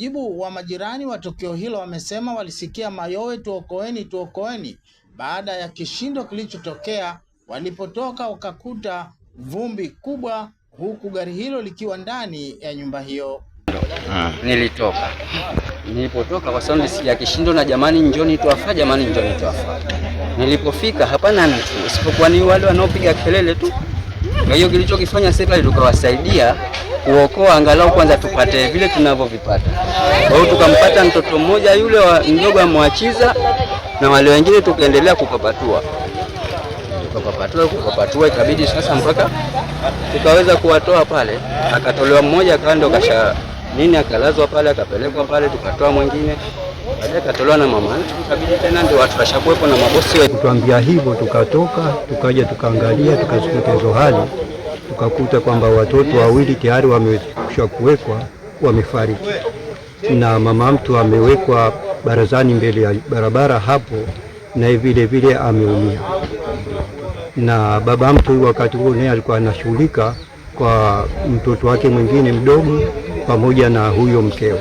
mujibu wa majirani wa tukio hilo, wamesema walisikia mayowe, tuokoeni, tuokoeni, baada ya kishindo kilichotokea. Walipotoka wakakuta vumbi kubwa, huku gari hilo likiwa ndani ya nyumba hiyo. Ha. Nilitoka, nilipotoka kwa sababu nilisikia kishindo na jamani, njoni tuafa, jamani, njoni tuafa. Nilipofika hapana mtu isipokuwa ni wale wanaopiga kelele tu. Kwa hiyo kilichokifanya serikali tukawasaidia kuokoa angalau kwanza tupate vile tunavyovipata. Kwa hiyo tukampata mtoto mmoja yule wa mdogo amwachiza na wale wengine tukaendelea kupapatua kupapatua kupapatua, ikabidi sasa mpaka tukaweza kuwatoa pale. Akatolewa mmoja kando kasha nini, akalazwa pale, akapelekwa pale, tukatoa mwingine baadaye, akatolewa na mama, ikabidi tena ndio watu washakuwepo na mabosi wetu kutuambia hivyo, tukatoka tukaja tukaangalia, tukazikuta hizo hali tukakuta kwamba watoto wawili tayari wamekwisha kuwekwa wamefariki, na mama mtu amewekwa barazani mbele ya barabara hapo, naye vile vile ameumia, na baba mtu wakati huo naye alikuwa anashughulika kwa mtoto wake mwingine mdogo pamoja na huyo mkeo.